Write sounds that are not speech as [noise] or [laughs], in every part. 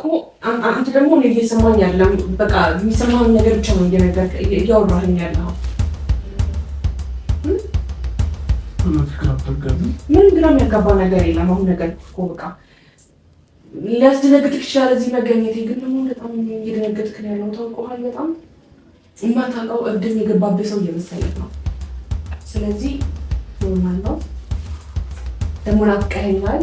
እኮ አንተ ደግሞ እኔ እየሰማኝ ያለ በቃ የሚሰማኝ ነገር ብቻ ነው እያወራኝ ያለው። ምንም ግራ የሚያጋባ ነገር የለም። አሁን ነገር እኮ በቃ ሊያስደነግጥክ ይችላል እዚህ መገኘቴ፣ ግን ደግሞ በጣም እየደነገጥክ ነው ያለው። ታውቀዋል፣ በጣም የማታውቀው እብድም የገባበት ሰው እየመሰለህ ነው። ስለዚህ ኖርማል ደግሞ ናፍቀኸኛል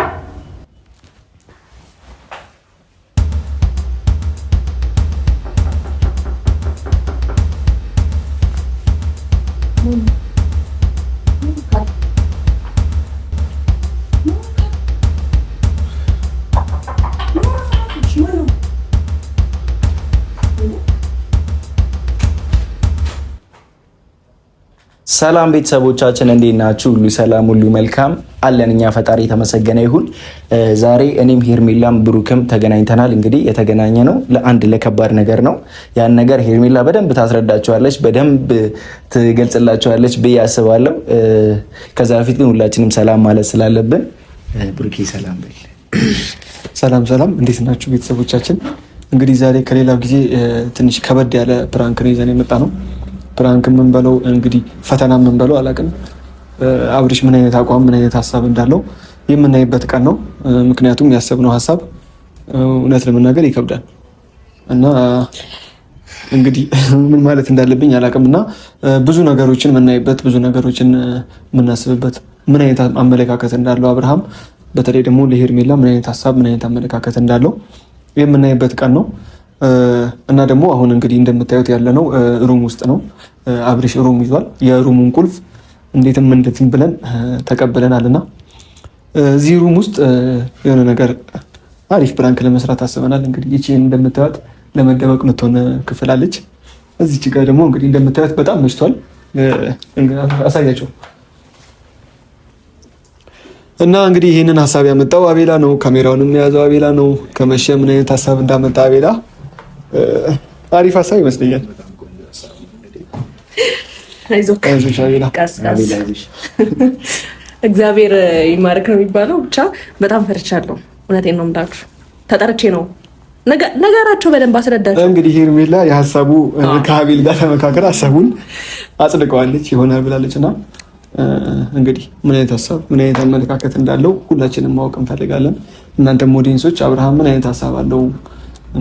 ሰላም ቤተሰቦቻችን እንዴት ናችሁ? ሁሉ ሰላም፣ ሁሉ መልካም አለን። እኛ ፈጣሪ የተመሰገነ ይሁን። ዛሬ እኔም ሄርሜላም ብሩክም ተገናኝተናል። እንግዲህ የተገናኘ ነው ለአንድ ለከባድ ነገር ነው። ያን ነገር ሄርሜላ በደንብ ታስረዳቸዋለች፣ በደንብ ትገልጽላቸዋለች ብዬ አስባለሁ። ከዛ በፊት ግን ሁላችንም ሰላም ማለት ስላለብን ብሩኬ ሰላም በል። ሰላም ሰላም፣ እንዴት ናችሁ ቤተሰቦቻችን? እንግዲህ ዛሬ ከሌላው ጊዜ ትንሽ ከበድ ያለ ፕራንክ ነው ይዘን የመጣ ነው ፕራንክ የምንበለው እንግዲህ ፈተና የምንበለው አላውቅም። አብሪሽ ምን አይነት አቋም ምን አይነት ሀሳብ እንዳለው የምናይበት ቀን ነው። ምክንያቱም ያሰብነው ሀሳብ እውነት ለመናገር ይከብዳል እና እንግዲህ [laughs] ምን ማለት እንዳለብኝ አላውቅም እና ብዙ ነገሮችን የምናይበት ብዙ ነገሮችን የምናስብበት ምን አይነት አመለካከት እንዳለው አብርሃም በተለይ ደግሞ ለሄርሜላ ምን አይነት ሀሳብ ምን አይነት አመለካከት እንዳለው የምናይበት ቀን ነው እና ደግሞ አሁን እንግዲህ እንደምታዩት ያለ ነው ሩም ውስጥ ነው። አብርሽ ሩም ይዟል። የሩሙን ቁልፍ እንዴትም እንደትም ብለን ተቀብለናል እና እዚህ ሩም ውስጥ የሆነ ነገር አሪፍ ብራንክ ለመስራት አስበናል። እንግዲህ ይቺን እንደምታዩት ለመደበቅ ምትሆን ክፍል አለች። እዚች ጋር ደግሞ እንግዲህ እንደምታዩት በጣም መሽቷል። አሳያቸው እና እንግዲህ ይህንን ሀሳብ ያመጣው አቤላ ነው። ካሜራውንም የያዘው አቤላ ነው። ከመሸ ምን አይነት ሀሳብ እንዳመጣ አቤላ አሪፍ ሀሳብ ይመስለኛል። [laughs] እግዚአብሔር ይማረክ ነው የሚባለው። ብቻ በጣም ፈርቻለሁ። እውነቴን ነው የምላችሁ፣ ተጠርቼ ነው ነገራቸው በደንብ አስረዳቸው። እንግዲህ ሄርሜላ የሀሳቡ ከሀቤል ጋር ተመካከር ሀሳቡን አጽድቀዋለች ይሆናል ብላለች እና እንግዲህ ምን አይነት ሀሳብ ምን አይነት አመለካከት እንዳለው ሁላችንም ማወቅ እንፈልጋለን። እናንተም ኦዲየንሶች አብርሃም ምን አይነት ሀሳብ አለው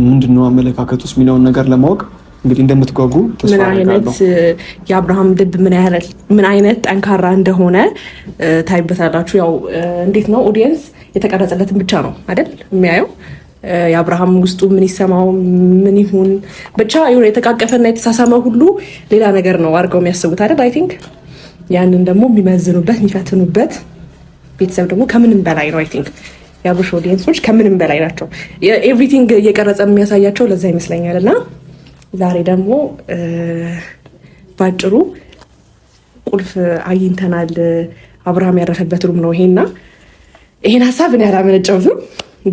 ምንድነው አመለካከት ውስጥ የሚለውን ነገር ለማወቅ እንግዲህ እንደምትጓጉ ምን አይነት የአብርሃም ልብ ምን አይነት ጠንካራ እንደሆነ ታይበታላችሁ። ያው እንዴት ነው ኦዲየንስ የተቀረጸለትን ብቻ ነው አይደል የሚያየው። የአብርሃም ውስጡ ምን ይሰማው ምን ይሁን ብቻ የሆነ የተቃቀፈና የተሳሳመ ሁሉ ሌላ ነገር ነው አድርገው የሚያስቡት አይደል። አይ ቲንክ ያንን ደግሞ የሚመዝኑበት የሚፈትኑበት ቤተሰብ ደግሞ ከምንም በላይ ነው። አይ ቲንክ የአብርሽ ኦዲየንሶች ከምንም በላይ ናቸው። ኤቭሪቲንግ እየቀረጸ የሚያሳያቸው ለዛ ይመስለኛል እና ዛሬ ደግሞ ባጭሩ ቁልፍ አግኝተናል። አብርሃም ያረፈበት ሩም ነው ይሄና ይሄን ሀሳብ እኔ አላመነጨሁትም፣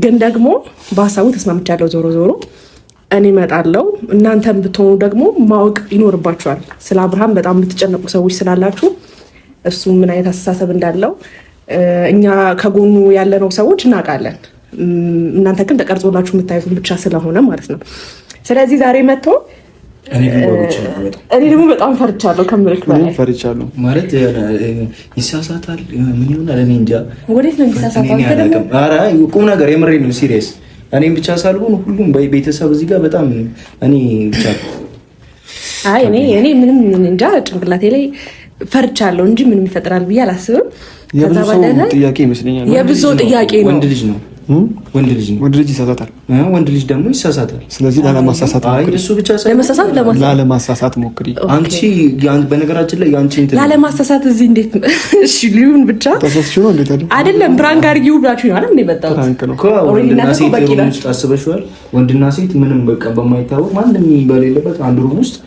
ግን ደግሞ በሀሳቡ ተስማምቻለሁ። ዞሮ ዞሮ እኔ እመጣለሁ። እናንተም ብትሆኑ ደግሞ ማወቅ ይኖርባችኋል። ስለ አብርሃም በጣም የምትጨነቁ ሰዎች ስላላችሁ እሱ ምን አይነት አስተሳሰብ እንዳለው እኛ ከጎኑ ያለነው ሰዎች እናውቃለን። እናንተ ግን ተቀርጾላችሁ የምታዩትን ብቻ ስለሆነ ማለት ነው ስለዚህ ዛሬ መጥቶ እኔ ደግሞ በጣም ፈርቻለሁ፣ ከምልክ በላይ ፈርቻለሁ። ማለት ይሳሳታል፣ ምን ይሆናል? እኔ እንጃ ወዴት ነው ይሳሳታል። ቁም ነገር የምሬ ነው፣ ሲሪየስ። እኔም ብቻ ሳልሆን ሁሉም ቤተሰብ እዚህ ጋር በጣም እኔ ብቻ አይ እኔ እኔ ምንም እንጃ ጭንቅላቴ ላይ ፈርቻለሁ እንጂ ምንም ይፈጥራል ብዬ አላስብም። የብዙ ጥያቄ ይመስለኛል፣ የብዙ ጥያቄ ነው። ወንድ ልጅ ነው ወንድ ልጅ ነው። ወንድ ልጅ ይሳሳታል። ወንድ ልጅ ደግሞ ይሳሳታል። ስለዚህ ላለማሳሳት ሞክሪ። እሱ ብቻ ሳይሆን ላለማሳሳት ሞክሪ። አንቺ በነገራችን ላይ አንቺ እንትን ላለማሳሳት እዚህ እንዴት እሺ ሊሆን ብቻ ተሳስሽ ነው እንዴት አይደል? አይደለም ፕራንክ አድርጊው ብላችሁ ነው አይደል? እንደመጣው ፕራንክ ነው። ወንድና ሴት ሩም ውስጥ አስበሽዋል? ወንድና ሴት ምንም በቃ በማይታወቅ ማንም በሌለበት አንድ ሩም ውስጥ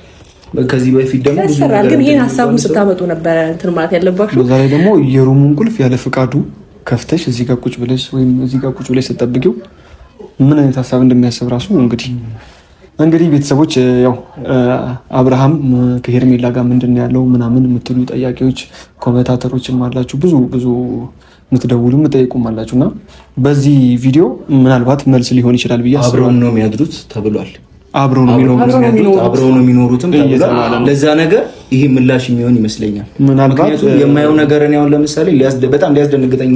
ከዚህ በፊት ደግሞ ግን ይሄን ሀሳቡን ስታመጡ ነበረ እንትን ማለት ያለባችሁ። በዛ ላይ ደግሞ የሩሙን ቁልፍ ያለ ፍቃዱ ከፍተሽ እዚህ ጋር ቁጭ ብለሽ ወይም እዚህ ጋር ቁጭ ብለሽ ስትጠብቂው ምን አይነት ሀሳብ እንደሚያስብ ራሱ እንግዲህ እንግዲህ ቤተሰቦች ያው አብርሃም ከሄርሜላ ጋር ምንድን ነው ያለው ምናምን የምትሉ ጠያቂዎች ኮመንታተሮችም አላችሁ፣ ብዙ ብዙ የምትደውሉ የምጠይቁም አላችሁ እና በዚህ ቪዲዮ ምናልባት መልስ ሊሆን ይችላል ብዬ አብረው ነው የሚያድሩት ተብሏል። አብረው ነው የሚኖሩት አብረው ነው የሚኖሩትም ለዛ ነገር ይሄ ምላሽ የሚሆን ይመስለኛል። ምክንያቱም የማየው ነገር እኔ አሁን ለምሳሌ በጣም ሊያስደነግጠኝ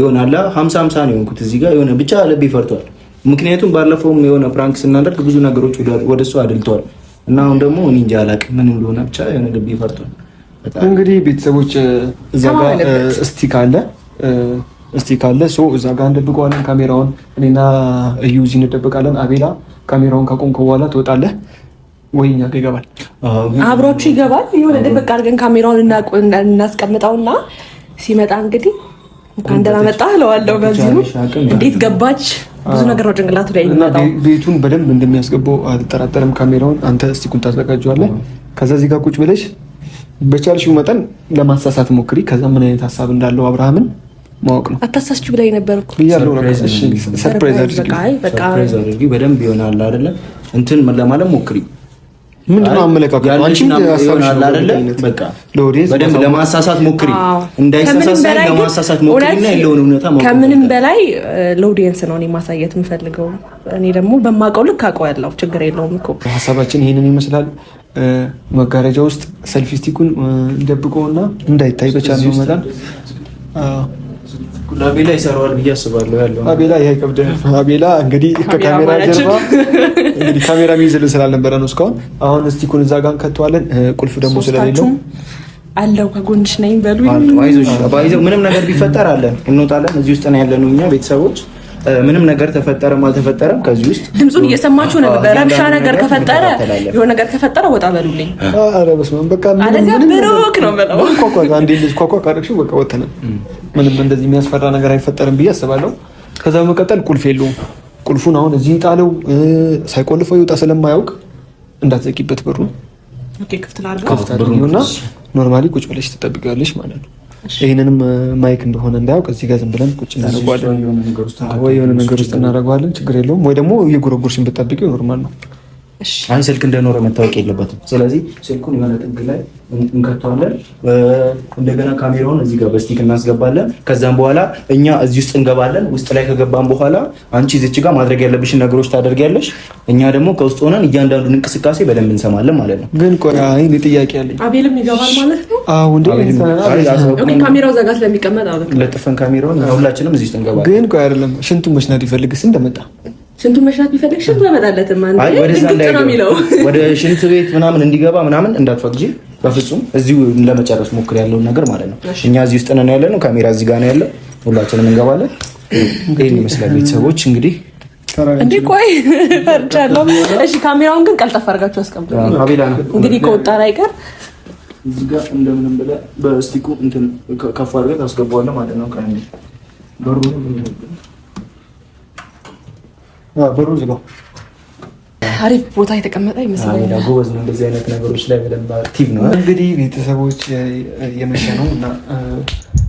የሆነ ሀምሳ ሀምሳ ነው የሆንኩት እዚህ ጋር የሆነ ብቻ ልቤ ፈርቷል። ምክንያቱም ባለፈውም የሆነ ፕራንክ ስናደርግ ብዙ ነገሮች ወደ እሱ አድልተዋል እና አሁን ደግሞ እኔ እንጃ አላውቅም ምን እንደሆነ ብቻ የሆነ ልቤ ፈርቷል። እንግዲህ ቤተሰቦች እዛ ጋር እስቲ ካለ እስቲ ካለ እዛ ጋር እንደብቀዋለን ካሜራውን። እኔና እዩ እዚህ እንደብቃለን። አቤላ ካሜራውን ካቆምከ በኋላ ትወጣለህ ወይ እኛ ጋር ይገባል፣ አብሯችሁ ይገባል። የሆነ ደበቅ አድርገን ካሜራውን እናስቀምጠውና ሲመጣ እንግዲህ እንኳን ደህና መጣህ እለዋለሁ። በዚሁ እንዴት ገባች ብዙ ነገር ነው ጭንቅላቱ ላይ የሚመጣው። ቤቱን በደንብ እንደሚያስገባው አልጠራጠርም። ካሜራውን አንተ እስቲ ታዘጋጀዋለህ። ከዛ እዚህ ጋር ቁጭ ብለሽ በቻልሽው መጠን ለማሳሳት ሞክሪ። ከዛ ምን አይነት ሀሳብ እንዳለው አብርሃምን ማወቅ ነው። አታሳችሁ ብላይ ነበር እኮ ሰርፕራይዝ አድርጊ በደንብ ይሆናል አይደለ? እንትን ለማለት ሞክሪ። አመለካከት? ለማሳሳት ሞክሪ፣ ለማሳሳት ሞክሪና ያለውን እውነታ ማወቅ። ከምንም በላይ ለኦዲየንስ ነው እኔ ማሳየት የምፈልገው። እኔ ደግሞ በማውቀው ልክ አውቀዋለሁ። ችግር የለውም እኮ ሀሳባችን ይህንን ይመስላል። መጋረጃ ውስጥ ሰልፊስቲኩን ስቲኩን እንዳይታይ በቻ ነው መጣል አቤላ ይሰራዋል ብዬ አስባለሁ። ያለው አቤላ ይሄ ከብደ አቤላ እንግዲህ ከካሜራ ጀርባ እንግዲህ ካሜራ የሚይዝልን ስላልነበረ ነው እስካሁን። አሁን እስቲ ኩን እዛ ጋር እንከተዋለን። ቁልፍ ደግሞ ስለሌለው አለው ከጎንሽ ነኝ በሉ። ምንም ነገር ቢፈጠር አለን፣ እንወጣለን። እዚህ ውስጥ ነው ያለነው እኛ ቤተሰቦች ምንም ነገር ተፈጠረም አልተፈጠረም ከዚህ ውስጥ ድምፁን እየሰማችሁ ነው። ረብሻ ነገር ከፈጠረ የሆነ ነገር ከፈጠረ ወጣ በሉልኝ። በቃ ብሩክ ነው በለው አንዴ ልጅ ኳኳ ካረግሽ በቃ ወተነ ምንም እንደዚህ የሚያስፈራ ነገር አይፈጠርም ብዬ አስባለሁ። ከዛ በመቀጠል ቁልፍ የለውም። ቁልፉን አሁን እዚህ ጣለው ሳይቆልፈው ይውጣ ስለማያውቅ እንዳትዘጊበት በሩ ክፍት ላድርገው እና ኖርማሊ ቁጭ ብለሽ ትጠብቂያለሽ ማለት ነው ይህንንም ማይክ እንደሆነ እንዳያውቅ እዚህ ጋር ዝም ብለን ቁጭ እናደርገዋለን ወይ የሆነ ነገር ውስጥ እናደርገዋለን። ችግር የለውም። ወይ ደግሞ እየጎረጎርሽን ብትጠብቂው ኖርማል ነው። አሁን ስልክ እንደኖረ መታወቅ የለበትም። ስለዚህ ስልኩን የሆነ ጥግ ላይ እንከተዋለን። እንደገና ካሜራውን እዚህ ጋር በስቲክ እናስገባለን። ከዛም በኋላ እኛ እዚህ ውስጥ እንገባለን። ውስጥ ላይ ከገባን በኋላ አንቺ ዝች ጋር ማድረግ ያለብሽን ነገሮች ታደርጊያለሽ። እኛ ደግሞ ከውስጥ ሆነን እያንዳንዱን እንቅስቃሴ በደንብ እንሰማለን ማለት ነው። ግን ቆይ እኔ ጥያቄ አለኝ። አቤልም ይገባል ማለት ነው? አዎ ካሜራው ዘጋ ስለሚቀመጥ ለጥፈን ካሜራውን ሁላችንም እዚህ ውስጥ እንገባለን። ግን ቆይ አይደለም፣ ሽንቱ መሽናድ ይፈልግስ እንደመጣ ሽንቱ መሽናት ቢፈልግ ሽንቱ ያመጣለትም ነው። ወደ ሽንት ቤት ምናምን እንዲገባ ምናምን እንዳትፈቅጂ በፍጹም። እዚሁ ለመጨረስ ሞክር ያለውን ነገር ማለት ነው። እኛ እዚህ ውስጥ ነን ያለ ነው። ካሜራ እዚህ ጋር ነው ያለ፣ ሁላችንም እንገባለን። ይህን ይመስላል ቤተሰቦች እንግዲህ እንዲህ ቆይ ፈርቻለሁ። እሺ ካሜራውን ግን ቀልጠፍ አድርጋችሁ አስቀምጡ። እንግዲህ ከወጣ አይቀር እዚህ ጋር እንደምንም ብለህ በስቲኩ እንትን ከፍ አድርገህ ታስገባዋለህ ማለት ነው። በሩ በሩን ዝጋው። አሪፍ ቦታ የተቀመጠ ይመስላል። ጎበዝ ነው። እንደዚህ አይነት ነገሮች ላይ በደንብ አክቲቭ ነው። እንግዲህ ቤተሰቦች የመሸ ነው እና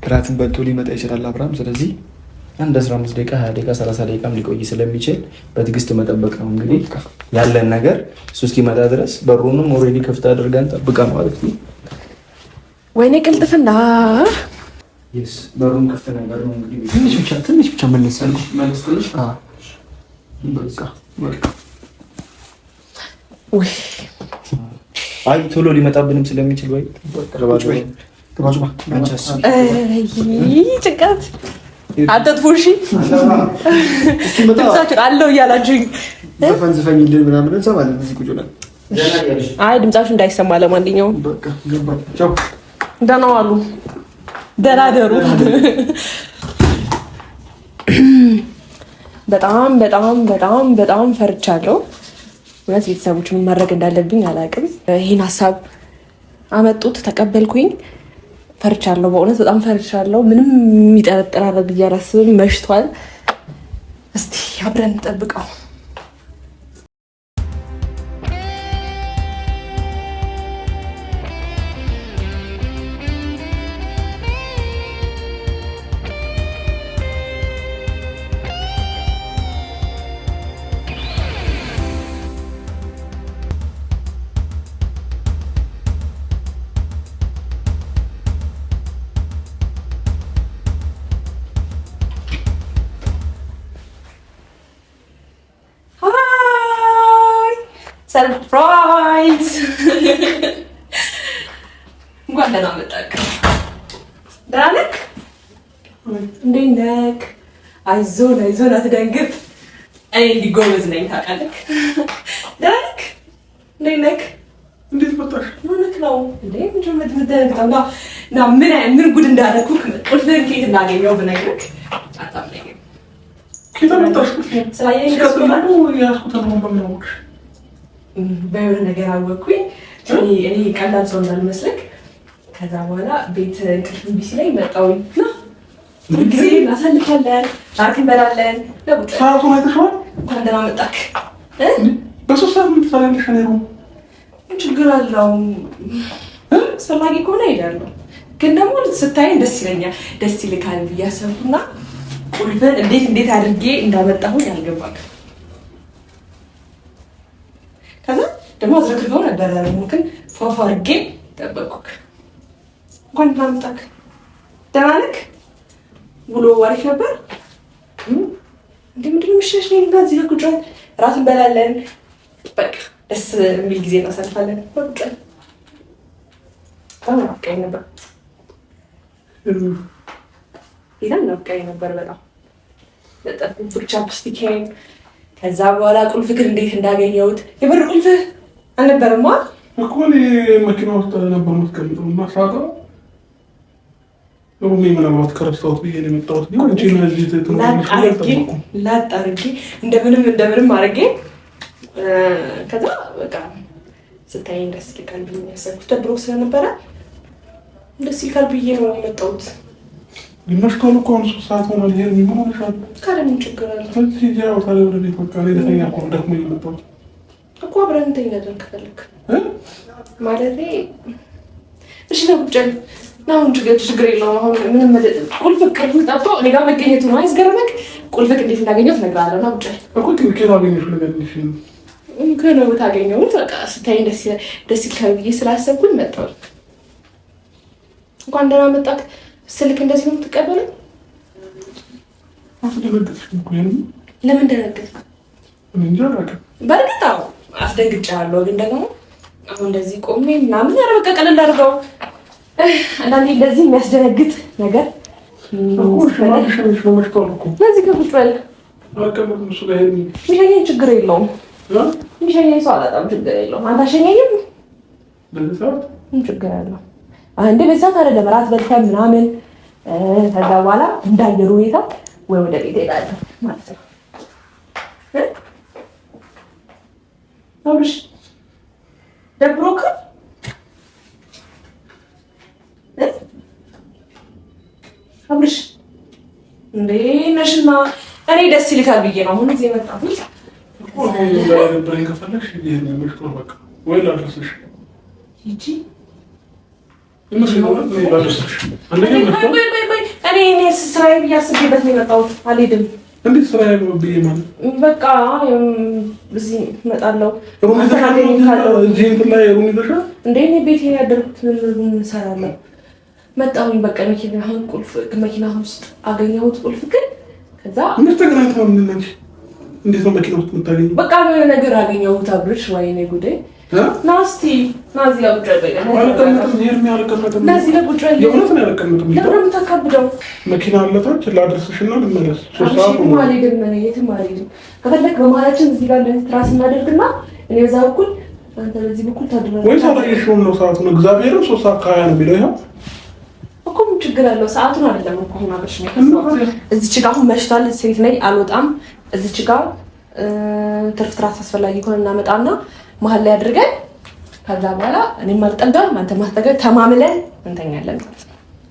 እራትን በልቶ ሊመጣ ይችላል አብርሃም። ስለዚህ አንድ 15 ደቂቃ 20 ደቂቃ 30 ደቂቃም ሊቆይ ስለሚችል በትግስት መጠበቅ ነው። እንግዲህ ያለን ነገር እሱ እስኪመጣ ድረስ በሩንም ኦልሬዲ ክፍት አድርገን ጠብቃ ማለት ነው። ወይኔ ቅልጥፍና በሩን ክፍት ነገር ነው። እንግዲህ ትንሽ ብቻ መለስ ትንሽ አይ ቶሎ ሊመጣብንም ስለሚችል ወይ ጭንቀት አጠጥፉ። እሺ ድምጻችን አለው እያላችሁኝ ዘፈን ዝፈኝልን ምናምን እንሰማለን። እዚህ ቁጭ ብለን አይ ድምጻችሁ እንዳይሰማ ለማንኛውም ደህና ዋሉ፣ ደህና ደሩ። በጣም በጣም በጣም በጣም ፈርቻለሁ። እውነት ቤተሰቦች ምን ማድረግ እንዳለብኝ አላውቅም። ይህን ሀሳብ አመጡት፣ ተቀበልኩኝ። ፈርቻለሁ፣ በእውነት በጣም ፈርቻለሁ። ምንም የሚጠረጥር አደረግ ብዬ አላስብም። መሽቷል። እስቲ አብረን እንጠብቀው። ሰርፕራይዝ! እንኳን ደህና መጣህ። ደህና ነህ? እንዴት ነህ? አይዞን አይዞን፣ አትደንግጥ። እኔ እንዲህ ጎበዝ ነኝ ታውቃለህ። ደህና ነህ? እንዴት ነህ? እንዴት መጣሽ? ምንክ ነው እንዴ? ምን ጉድ እንዳደረኩ ቁልፍህን ከየት እንዳገኘው ብነግርህ አታምነኝም። በሆነ ነገር አወቅኩኝ። እኔ ቀላል ሰው እንዳልመስልክ። ከዛ በኋላ ቤት እንቅልፍ ቢሲ ላይ መጣሁኝ እና ጊዜ እናሳልፋለን፣ አርክ እንበላለን። ሰዓቱ አይተሽዋል። እንኳን ደህና መጣክ። በሶስት ሰዓት ምን ትሰራለሽ? ነው ችግር አለው። አስፈላጊ ከሆነ እሄዳለሁ፣ ግን ደግሞ ስታይን ደስ ይለኛል። ደስ ይልካል ብዬ አሰብኩና ቁልፍን እንዴት እንዴት አድርጌ እንዳመጣሁኝ አልገባክም ደግሞ አዝረክርከው ነበረ ምክን ፏፏ ጠበቁክ። እንኳን ደህና መጣክ። ደህና ነህ? ውሎ አሪፍ ነበር? እንደ ምንድን ነው የምሻሽለኝ? እዚህ ቁጭ እራት እንበላለን። በቃ ደስ የሚል ጊዜ እናሳልፋለን። በቃ ናፍቀኸኝ ነበር። በጣም ናፍቀኸኝ ነበር። በጣም ለጠፉ ብቻ ከዛ በኋላ ቁልፍክን እንዴት እንዳገኘሁት የበር ቁልፍህ አልነበረማ እኮ እኔ መኪና ውስጥ ነበር የምትቀምጠው እና ሳቀው ሮሜ ምናልባት ከረሳሁት ብዬ ነው የመጣሁት። ላጥ አድርጌ እንደምንም እንደምንም አድርጌ ከዛ በቃ ስታየኝ ደስ ይልካል ብዬ ያሰብኩት ደብሮ ስለነበረ ደስ ይልካል ብዬ ነው የመጣሁት። መሽቷል እኮ አሁን ሶስት ሰዓት ሆኗል። ይሄ ምን ሆነሻል? ካለ ችግር አለ? ታዲያ ወደ ቤት በቃ ደክሞኝ የመጣሁት እኮ አብረን እንተኛለን ከፈለክ ማለቴ። እሺ ነው ቁጭል ነው እንጂ ችግር የለውም። አሁን ምንም ቁልፍ ቅርፍ ጠፍቶ እኔ ጋር መገኘቱ ነው ያስገረመክ። ቁልፍ እንዴት እንዳገኘት ትነግርሃለሁ። ና ቁጭል እኮ ትልኬን አገኘሽ ነገርሽ ነው ታገኘሁት። በቃ ስታይ ደስ ይላል ብዬ ስላሰብኩኝ መጣሁ። እንኳን ደህና መጣክ። ስልክ እንደዚህ ነው የምትቀበለው? ለምን ደነገጥሽ? በእርግጥ አዎ አስደንግጫለሁ። ግን ደግሞ አሁን እንደዚህ ቆሜ ምናምን ኧረ በቃ ቀለል አድርገው። አንዳንዴ እንደዚህ የሚያስደነግጥ ነገር በዚህ ከቁጭ በል ሚሸኘኝ ችግር የለውም። ሚሸኘኝ ሰው አላጣም፣ ችግር የለውም። አንተ አሸኘኝም ችግር እንደ በልተን ምናምን ከዛ በኋላ እንዳየሩ ሁኔታ ወይ ወደ ቤት እሄዳለሁ ማለት ነው። አብርሽ ደብሮክ አብርሽ እንዴ ነሽና እኔ ደስ ይልካል ብዬ ነው አሁን እዚህ የመጣሁት። እኔ ስራዬ ብዬ አስቤበት ነው የመጣሁት። አልሄድም እንዴት ስራ ያለው ብዬ ማለት በቃ እዚህ እመጣለሁ። ቤት ያደርኩት እንሰራለን። መጣሁኝ በቃ መኪና ቁልፍ መኪና ውስጥ አገኘሁት ቁልፍ ግን ከዛ እንዴት ነው መኪና ውስጥ የምታገኘው? በቃ የሆነ ነገር አገኘሁት። አብርሽ ወይኔ ጉዴ ና እስኪ ና እዚህ ጋር ለቁጭ በል ለምን የምታከብደው? መኪና አለታች ላድርስሽና ልመለስ። አልሄድም እኔ የትም አልሄድም። ከፈለግ በመሀላችን እዚህ ጋር ትራስ እናደርግና እኔ በዛ በኩል አንተ በዚህ በኩል ታድራለህ። ወይ አላየሽውም ነው? ሰዓት ነው እግዚአብሔርም ሶስት ሰዓት ከሀያ ነው ቢለው ይኸው እኮ ምን ችግር አለው? ሰዓቱን አይደለም እኮ ሆና በሽ ነው። እዚች ጋ አሁን መሽቷል። ሴት ነኝ አልወጣም። እዚች ጋ ትርፍ ትራስ አስፈላጊ ከሆነ እናመጣና መሀል ላይ አድርገን ከዛ በኋላ እኔ ማልጠጋም አንተ ማስጠገብ ተማምለን እንተኛለን ማለት ነው።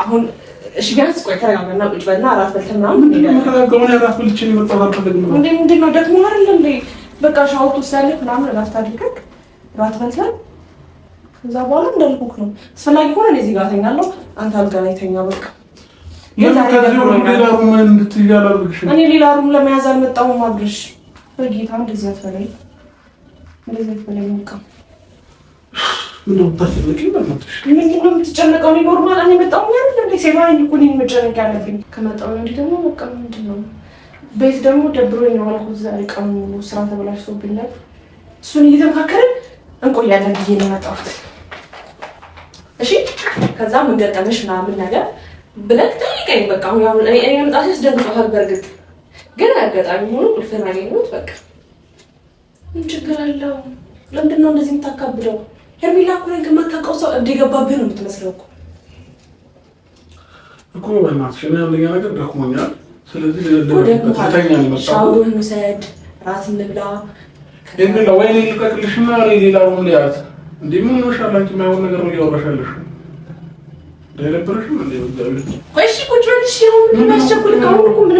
አሁን እሺ፣ ቢያንስ ቆይ ተረጋጋና ቁጭ በልና እራት ምናምን ምንድን ነው ደግሞ በቃ ምናምን እራት አድርገህ እራት ከዛ በኋላ እንዳልኩህ ነው። አስፈላጊ ከሆነ እዚህ ጋር አንተ አልጋ ላይ ተኛ። በቃ እኔ ሌላ ሩም ለመያዝ አልመጣሁም። አብርሽ በጌታ እንደዚህ አትበለኝ፣ እንደዚህ አትበለኝ። ምነው ታስልክ ይበልጥሽ ምን ቤት ደግሞ ደብሮኝ ነው አልኩት። ዛሬ ቀኑ ስራ ተበላሽቶብኛል። እሱን እየተመካከልን እንቆያለን ብዬ ነው የመጣሁት። እሺ ከዛ ምን ገጠመሽ ምናምን ነገር ብለህ ጠይቀኝ። በቃ አሁን እኔ መምጣት ያስደንቅሃል። በእርግጥ ግን አጋጣሚ ሆኖ ቁልፍን አገኘሁት። በቃ ምን ችግር አለው? ለምንድን ነው እንደዚህ የምታካብደው? ሄርሜላ እኮ ላይ ከማታውቀው ሰው እብድ የገባብህ ነው የምትመስለው እኮ እኮ በእናትሽ እኔ ያለኛ ነገር ደክሞኛል። ስለዚህ ልተኛ ሻወሩን ውሰድ፣ ራት እንብላ። ይህን ወይኔ ልቀቅልሽና ሌላ ሩም ሊያዝ እንዴ ምን ሆነሻል አንቺ? የማይሆን ነገር ነው እያወራሻለሽ። አይደብርሽም እንዴ? እሺ ቁጭ በል። እሺ ምንም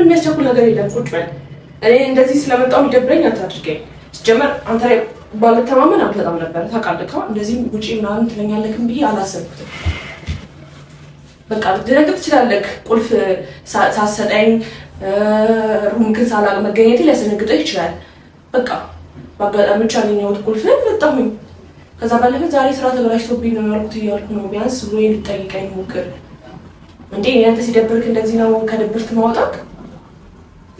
የሚያስቸኩል ነገር የለም። ቁጭ በል። እኔ እንደዚህ ስለመጣሁ ይደብረኝ አታድርገኝ። ሲጀመር አንተ ላይ ባልተማመን አልመጣም ነበረ ታውቃለህ። እንደዚህም ውጪ ምናምን ትለኛለክም ብዬ አላሰብኩትም። በቃ ልደነግጥ ትችላለህ። ቁልፍ ሳሰጠኝ ሩምክን ሳላቅ መገኘት ሊያስደነግጠ ይችላል። በቃ በአጋጣሚዎች ያገኘሁት ቁልፍን መጣሁኝ። ከዛ ባለፈ ዛሬ ስራ ተበላሽቶብኝ ነው ያልኩት እያልኩ ነው። ቢያንስ ብሎ ሊጠይቀኝ ሞክር እንዴ ያንተ ሲደብርክ እንደዚህ ነው ከድብርት ማውጣት።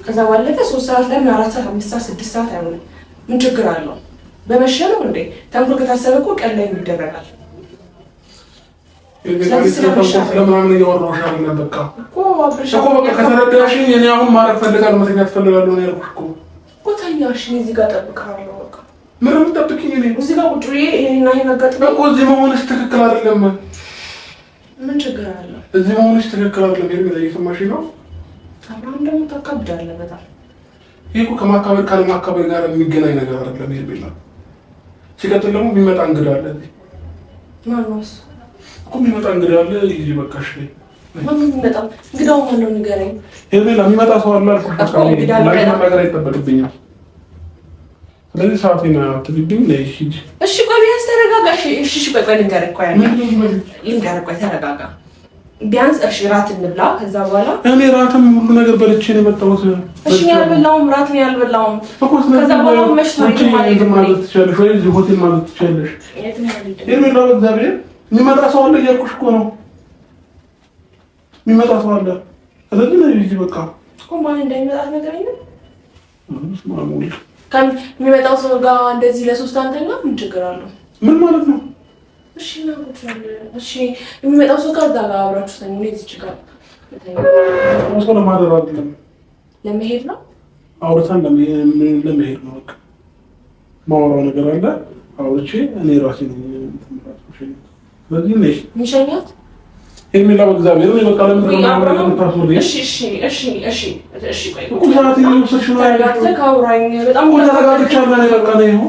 ከዛ ባለፈ ሶስት ሰዓት ለምን አራት ሰዓት አምስት ሰዓት ስድስት ሰዓት አይሆንም ምን ችግር አለው? በመሸ ነው እንዴ? ተንኮል ከታሰበ እኮ ቀን ላይ ይደረጋል። ከተረዳሽኝ፣ እኔ አሁን ማረፍ ፈልጋለሁ፣ መተኛት ፈልጋለሁ ነው ያልኩሽ እኮ እዚህ ጋር በቃ ምንም እኔ እዚህ ጋር ቁጭ ብዬ ይሄን እኮ እዚህ መሆንሽ ትክክል አይደለም። ምን ችግር አለ? እዚህ መሆንሽ ትክክል አይደለም። የሚ ላይ ነው። አብርሃም ደግሞ ታካብዳለህ በጣም ይህ ከማካበድ ካለማካበድ ጋር የሚገናኝ ነገር አይደለም። ይሄ ቤላ ሲቀጥል ደግሞ የሚመጣ እንግዳ አለ እኮ የሚመጣ እንግዳ አለ። ይህ በቃሽ እንግዳው ማነው ንገረኝ። ይሄ ቤላ የሚመጣ ሰው አለ ነገር አይጠበቅብኛል። ስለዚህ ሰዓቴን አትልብኝ። እሺ ቆይ ቢያንስ ተረጋጋ። እሺ እሺ ቆይ ቆይ ልንገርህ፣ ቆይ ልንገርህ፣ ቆይ ተረጋጋ ቢያንስ እርሽ ራት እንብላ። ከዛ በኋላ እኔ ራትም ሁሉ ነገር በልቼ ነው የመጣሁት። እሺ ያልበላውም ራት ነው ያልበላውም። ከዛ በኋላ መሽቶ ማለት ትችያለሽ ወይ እዚህ ሆቴል ማለት ትችያለሽ። የሚለው እግዚአብሔር የሚመጣ ሰው አለ እያልኩሽ እኮ ነው። የሚመጣ ሰው አለ። ስለዚህ ነው ይህ በቃ እኮ ማን እንደሚመጣት ነገር አይደል ከሚመጣው ሰው ጋር እንደዚህ ለሶስት አንተኛ ምን ችግር አለው? ምን ማለት ነው? እሺ እሺ፣ የሚመጣው ሰው ጋር ዳጋ አብራችሁ ተኙ። እኔ እዚህ ጋር ለመሄድ ነው፣ አውርተን ለመሄድ ነው። በቃ ማውራው ነገር አለ አውርቼ እኔ ራሴ ነው። ስለዚህ ነሽ ሚሸኛት የሚለው እግዚአብሔር ነው። በቃ ነው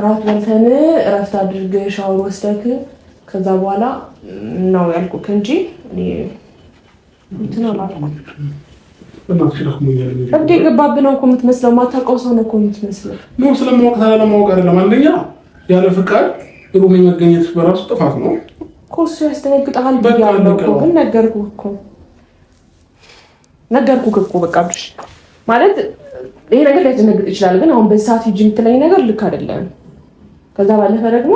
ራት በልተን እረፍት አድርግ ሻወር ወስደክ ከዛ በኋላ ነው ያልኩክ እንጂ እንትን አላልኩም። እብድ የገባብህ ነው እኮ የምትመስለው። ማታውቀው ሰው ነው እኮ የምትመስለው። ነው ስለማወቅ ለማወቅ አይደለም። አንደኛ ያለ ፍቃድ ሩሜ መገኘት በራሱ ጥፋት ነው እኮ እሱ ያስደነግጠሃል ብያለሁ ግን ነገርኩህ እኮ ነገርኩህ እኮ በቃ ብሽ ማለት ይሄ ነገር ሊያስደነግጥ ይችላል። ግን አሁን በዚህ ሰዓት ሂጂ የምትለኝ ነገር ልክ አይደለም። ከዛ ባለፈ ደግሞ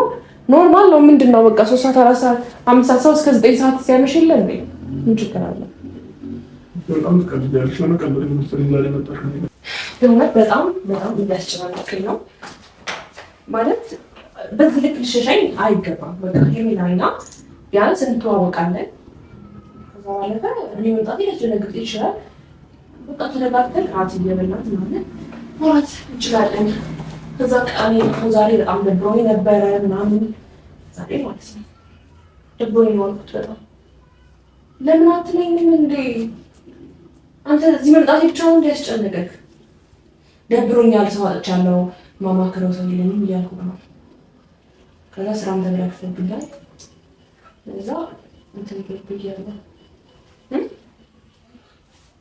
ኖርማል ነው። ምንድን ነው በቃ ሶስት ሰዓት አራት ሰዓት አምስት ሰዓት ሰው እስከ ዘጠኝ ሰዓት ሲያመሽ የለ እንዴ? ምን ችግር አለ? በጣም በጣም እያስጨናነቀኝ ነው ማለት በዚህ ልክ ልሸሻኝ አይገባም። በቃ ሄሜናና ቢያንስ እንተዋወቃለን። ከዛ ባለፈ እኔ መምጣት ያስደነግጥ ይችላል። በቃ ተረጋግተን ራት እየበላት ማለት ማውራት እንችላለን። ከዛ ቃኔ ዛሬ በጣም ደብሮኝ ነበረ ምናምን ዛሬ ማለት ነው ደብሮኝ ነው በጣም ለምን አትለኝም እንዴ አንተ? እዚህ መምጣቴ ብቻ ነው እንዲ ያስጨነቀክ? ደብሮኛል፣ ሰው አጥቻለሁ፣ ማማክረው ሰው የለኝም እያልኩ ነው። ከዛ ስራም ተበላሽቶብኛል። እዛ እንትን ብያለሁ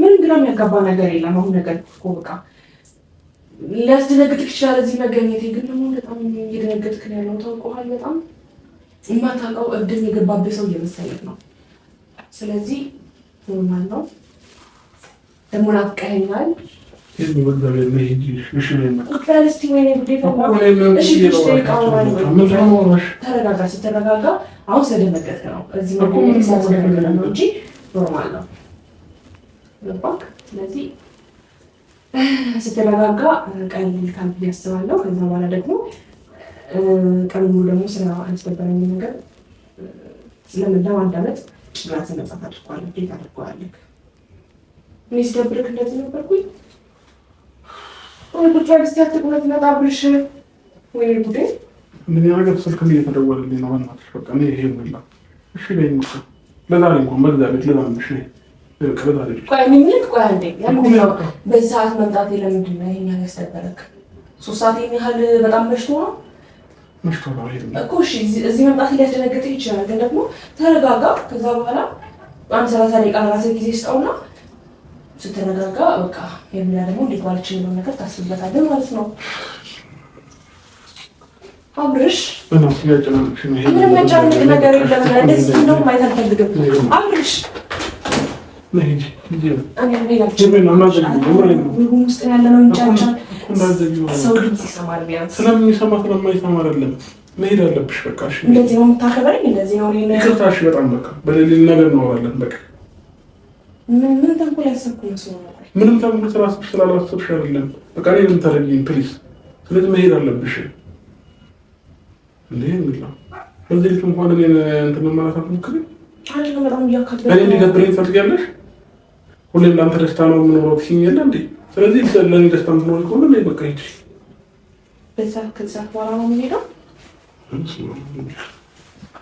ምን ግራ የሚያጋባ ነገር የለም። አሁን ነገር እኮ በቃ ሊያስደነግጥክ ይችላል። እዚህ መገኘቴ ግን ደግሞ በጣም እየደነገጥክ ነው ያለው። ታውቀዋል። በጣም የማታውቀው እብድም የገባብህ ሰው እየመሰለህ ነው። ስለዚህ ሆናል ነው። ደግሞ ላቀኛል ተረጋጋ። ስትረጋጋ አሁን ስለደነገጥክ ነው እዚህ መገኘቴ ነው እንጂ ኖርማል ነው። ገባክ? ስለዚህ ስትረጋጋ ቀን ልካል ብዬ አስባለሁ። ከዛ በኋላ ደግሞ ቀን ሙሉ ደግሞ ስለ አስደበረኝ ነገር ለማዳመጥ ራስን ነጻት አድርጓለ ቤት አድርጓለክ። እኔ ሲደብርክ እንደዚህ ነበርኩኝ። ቁጫ ብስቲያ ትኩረት ነጣብሽ ወይ ጉዴ ምን ያደረገ ስልክ እየተደወለልኝ ነው። በቃ ይሄ ላ እሺ ላይ ለዛሬ እንኳን በዛ ቤት ለዛ ምሽ በዚህ ሰዓት መምጣት ለምንድን ነው ይሄን ያህል ያስደበረክ? ሶስት ሰዓት ይሄን ያህል በጣም መሽቶ ነው እኮ። እሺ እዚህ መምጣት ሊያስደነግጥህ ይችላል፣ ግን ደግሞ ተረጋጋ። ከዛ በኋላ አንድ ሰላሳ ደቂቃ ራስህ ጊዜ ስጠውና ስትረጋጋ በቃ የምና ደግሞ እንዴት ባለች ነገር ታስብበታለህ ማለት ነው። አብርሽ ምንም መጨነቅ ነገር የለም። እንደዚህ እንደውም ማየት አልፈልግም አብርሽ ስለሚሰማ ስለማይሰማ መሄድ አለብሽ። ነው ምንም ተንኩል ያሰብኩኝ ስላላሰብሽ አይደለም። በቃ እኔ የምታደርጊኝ ፕሊዝ። ስለዚህ መሄድ አለብሽ። እንዴ ምላ በዚህ ልክ እንኳን እኔን እንትን ማለት አትሞክሪም። በጣም እኔ እንዲደብረኝ ትፈልጊያለሽ? ሁሌም ላንተ ደስታ ነው የምኖረው ትሽኝ የለ እንዴ? ስለዚህ ለእኔ ደስታ ምትኖሪ ከሆነ እኔ በቃ ሂድ። በዛ ከዛ በኋላ ነው የምሄደው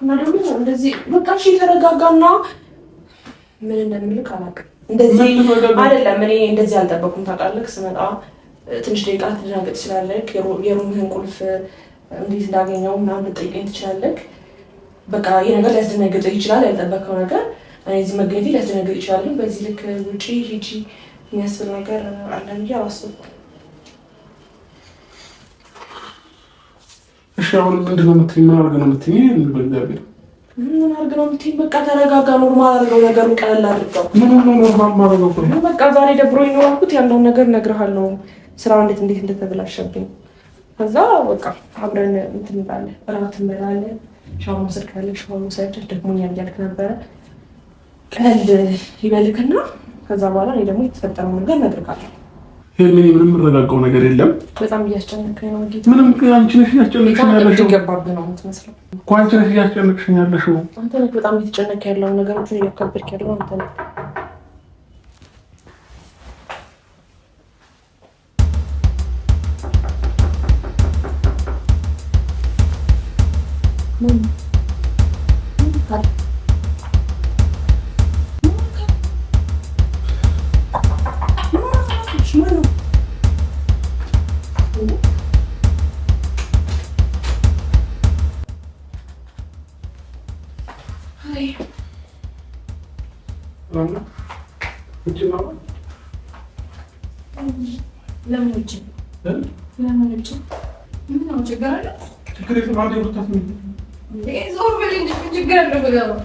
እና ደግሞ እንደዚህ በቃ እሺ፣ ተረጋጋና ምን እንደምልክ አላውቅም። እንደዚህ አይደለም እኔ እንደዚህ አልጠበኩም ታውቃለህ። ስመጣ ትንሽ ደቂቃ ትደናገጥ ትችላለህ። የሩምህን ቁልፍ እንዴት እንዳገኘው ምናምን ልጠይቀኝ ትችላለህ። በቃ ሊያስደነግጥህ ይችላል ያልጠበቀው ነገር እዚህ መገኘቴ ሊያስደነግጥ ይችላል። ግን በዚህ ልክ ውጪ ሂጂ የሚያስብ ነገር አለን ብዬ አላሰብኩም። እሺ አሁን ምንድን ነው የምትይኝ? ምን አድርገህ ነው የምትይኝ? በእግዚአብሔር ምን አድርገህ ነው የምትይኝ? በቃ ተረጋጋ፣ ኖርማል አድርገው፣ ነገሩን ቀለል አድርገው። ምን ነው ኖርማል ማድረገው? በቃ ዛሬ ደብሮ ነው ያለውን ነገር እነግርሃለሁ። ስራው እንዴት እንዴት እንደተበላሸብኝ ከዛ በቃ አብረን እንትን እንላለን፣ እራት እንበላለን። ሻወር መውሰድ ካለ ሻወር መውሰድ፣ ደክሞኛል እያልክ ነበረ ቀልድ ይበልክና ከዛ በኋላ እኔ ደግሞ የተፈጠረው ነገር እነግርካለሁ። ሄርሜ እኔ ምንም የምረጋጋው ነገር የለም። በጣም እያስጨነቀኝ ነው። ምንም አንቺ ነሽ እያስጨነቅሽኝ ያለሽው። ገባብህ ነው የምትመስለው እኮ አንቺ ነሽ እያስጨነቅሽኝ ያለሽው። አንተ ነህ በጣም እየተጨነቅ ያለው ነገሮችን እያካበድክ ያለው አንተ ነህ። ታዲያ ዞር በል እንጂ ችግር ያለው